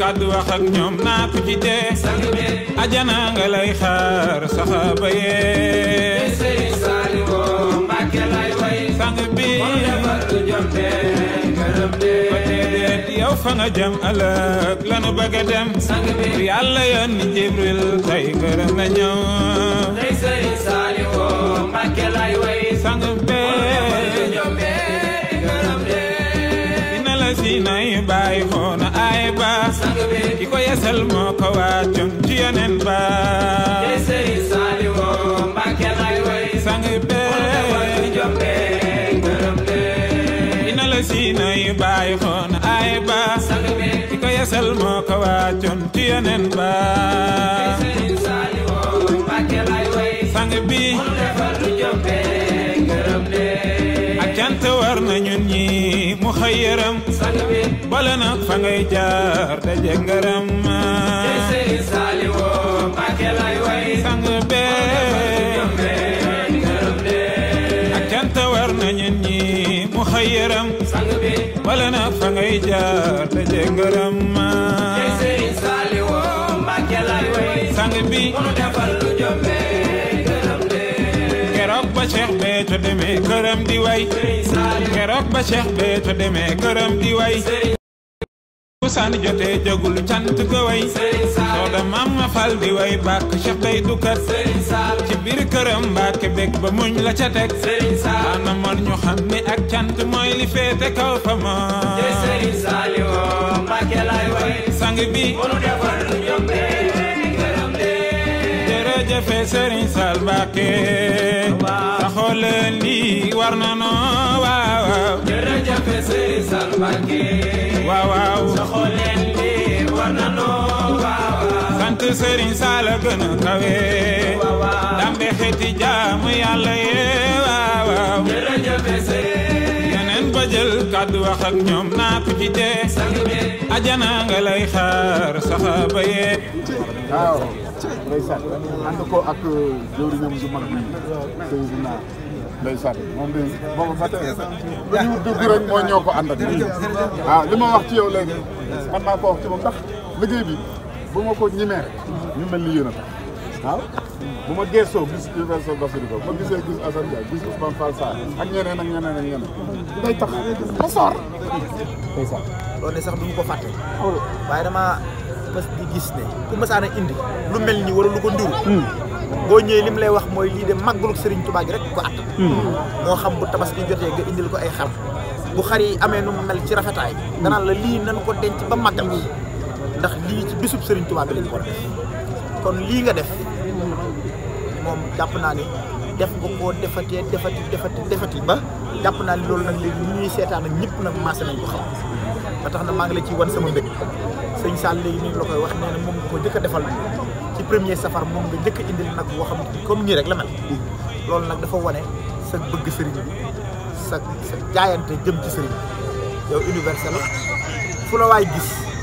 kàddu wax ak ñoom naa ko ci dee ajana nga lay xaar saxaaba yee sang bi yow fa nga jëm ëllëg lanu bëgg a dem yàlla yoon ni jibril tey gërëm na ñëw sang bee dina la si nay bàyyi xoon baay ba ki ko yeesal moo ko ba sang bee ina la siina yi baay xoon ay ba ak cant war na ñun ñi mu xëyëram bale nag fa ngay jaar te jeg ngërëm ma Sëriñ Saaliwu Mbàkke lay way sang bee ak cant war na ñen ñi mu xëyëram sang bi bale nag fa ngay jaar te jeg ngërëm ma Sëriñ Saaliwu Mbàkke lay way sang bi mu defal lu jombe keroog ba Cheikh bee to demee këram di way keroog ba Cheikh Béthio demee këram di way bu saan jotee cant ko way soo da maam fal di way bàkk Cheikh tey du kat ci biir këram mbàkke bég ba muñ la ca teg ana mën ñu xam ni ak cant mooy li féete kaw fa ma sang bi jërëjëfe Serigne Sall Mbàkke saxoo leen war na noonu Serigne Sall Mbacké. waaw waaw. soxla leen biir war na noo. waaw waaw. sant Serigne Sall gën a kawe. waaw waaw. dambe xeeti jaamu yàlla yee. waaw waaw. jërëjëf Serigne. yeneen ba jël kàddu wax ak ñoom naa ko ci tee. sang bi. ajana nga lay xaar saxaaba yee. waaw. ndeysaan ànd ko ak jëwriñam ju mag bi Seydina ndeysaan moom bi boobu ba tey ba ñu dugg rek moo ñoo ko ànd ak waaw ah, li ma wax ci yow léegi man maa ko wax ci moom ndax liggéey bi bu ma ko ñimee rek ñu mel ni yéen a tax waaw ah, bu ma geesoo gis universel Bassirou Ba ma gisee gis Assane Ndiaye gis a Fall Sarr ak ñeneen ak ñeneen ak ñeneen day tax ba soor ndeysaan sax du ko ko fàtte oh. waaye dama mës di gis ne ku mësaan a indi lu mel ni wala lu ko ndiru hmm. boo ñëwee li mu lay wax mooy lii de màggalu sëriñ Tuubaa gi rek ko at hmm. moo xam bu tabaski jotee nga indil ko ay xar bu xar yi amee nu mu mel ci rafetaay ganaan la lii nan ko denc ba màggal gi ndax lii ci bisub sëriñ Tuubaa bi ko kon lii nga def moom jàpp naa ni def nga koo defatee defati defati defati ba jàpp naa ni loolu nag léegi ñi ñuy seetaan ak ñëpp nag maase nañ ko xam ba tax na maa ngi la ciy wan sama mbég sëñ Sall léegi ni la koy wax nee na moom ko jëkk a defal premier safar moom nga njëkk indi nag boo xam ne comme nii rek la mel loolu nag dafa wane sa bëgg sëriñ bi sa sa jaayante jëm ci sëriñ yow universel fu la waay gis